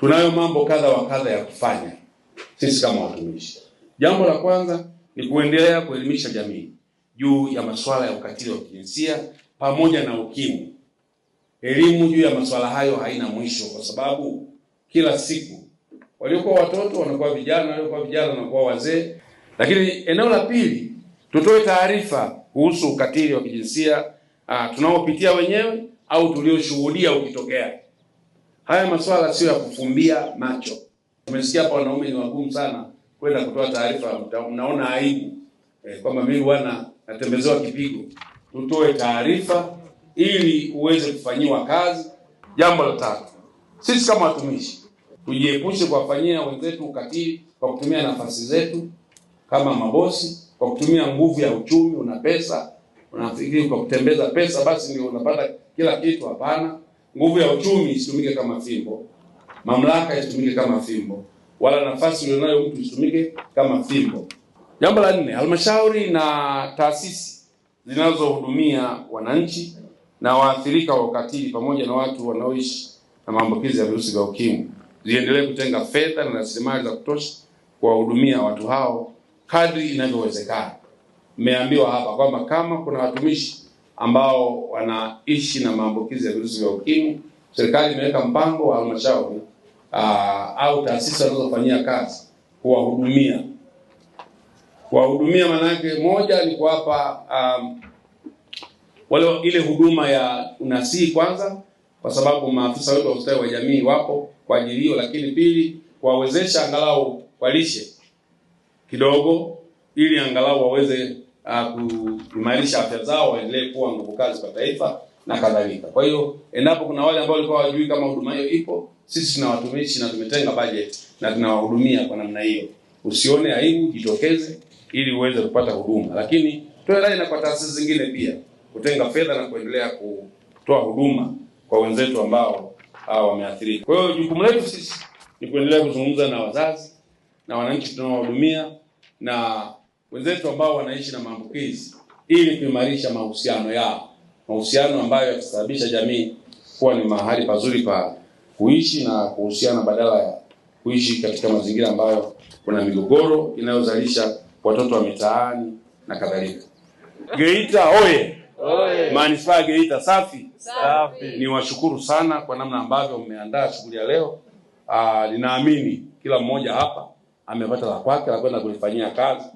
tunayo mambo kadha wa kadha ya kufanya sisi kama watumishi. Jambo la kwanza ni kuendelea kuelimisha jamii juu ya masuala ya ukatili wa kijinsia pamoja na ukimwi. Elimu juu ya masuala hayo haina mwisho, kwa sababu kila siku waliokuwa watoto wanakuwa vijana, waliokuwa vijana wanakuwa wazee. Lakini eneo la pili, tutoe taarifa kuhusu ukatili wa kijinsia ah, tunaopitia wenyewe au tulioshuhudia ukitokea. Haya masuala sio ya kufumbia macho. Umesikia hapa wanaume ni wagumu sana kwenda kutoa taarifa, mnaona aibu eh, kwamba mimi bwana natembezewa kipigo. Tutoe taarifa ili uweze kufanyiwa kazi. Jambo la tatu, sisi kama watumishi tujiepushe kuwafanyia wenzetu ukatili kwa kutumia nafasi zetu kama mabosi, kwa kutumia nguvu ya uchumi. Una pesa unafikiri kwa kutembeza pesa basi ndio unapata kila kitu? Hapana nguvu ya uchumi isitumike kama fimbo, mamlaka isitumike kama fimbo, wala nafasi ulionayo mtu isitumike kama fimbo. Jambo la nne, halmashauri na taasisi zinazohudumia wananchi na waathirika wa ukatili pamoja na watu wanaoishi na maambukizi ya virusi vya UKIMWI ziendelee kutenga fedha na rasilimali za kutosha kuwahudumia watu hao kadri inavyowezekana. Mmeambiwa hapa kwamba kama kuna watumishi ambao wanaishi na maambukizi ya virusi vya ukimwi. Serikali imeweka mpango wa halmashauri ah, au taasisi wanazofanyia kazi kuwahudumia. Kuwahudumia maana yake moja ni kuwapa um, wale ile huduma ya unasii kwanza, kwa sababu maafisa wetu wa ustawi wa jamii wapo kwa ajili hiyo, lakini pili kuwawezesha angalau walishe kidogo, ili angalau waweze uh, kuimarisha afya zao, waendelee kuwa nguvu kazi kwa taifa na kadhalika. Kwa hiyo endapo kuna wale ambao walikuwa hawajui kama huduma hiyo ipo, sisi watumishi na tumetenga budget na tunawahudumia kwa namna hiyo. Usione aibu, jitokeze ili uweze kupata huduma, lakini tuendelee na kwa taasisi zingine pia kutenga fedha na kuendelea kutoa huduma kwa wenzetu ambao wameathirika. Kwa hiyo jukumu letu sisi ni kuendelea kuzungumza na wazazi na wananchi tunaohudumia na wenzetu ambao wanaishi na maambukizi ili kuimarisha mahusiano yao, mahusiano ambayo yatasababisha jamii kuwa ni mahali pazuri pa kuishi na kuhusiana badala ya kuishi katika mazingira ambayo kuna migogoro inayozalisha watoto wa mitaani na kadhalika. Geita oye! Manispaa Geita safi. Safi. Ni washukuru sana kwa namna ambavyo mmeandaa shughuli ya leo. Ah, ninaamini kila mmoja hapa amepata la kwake la kwenda kulifanyia kazi.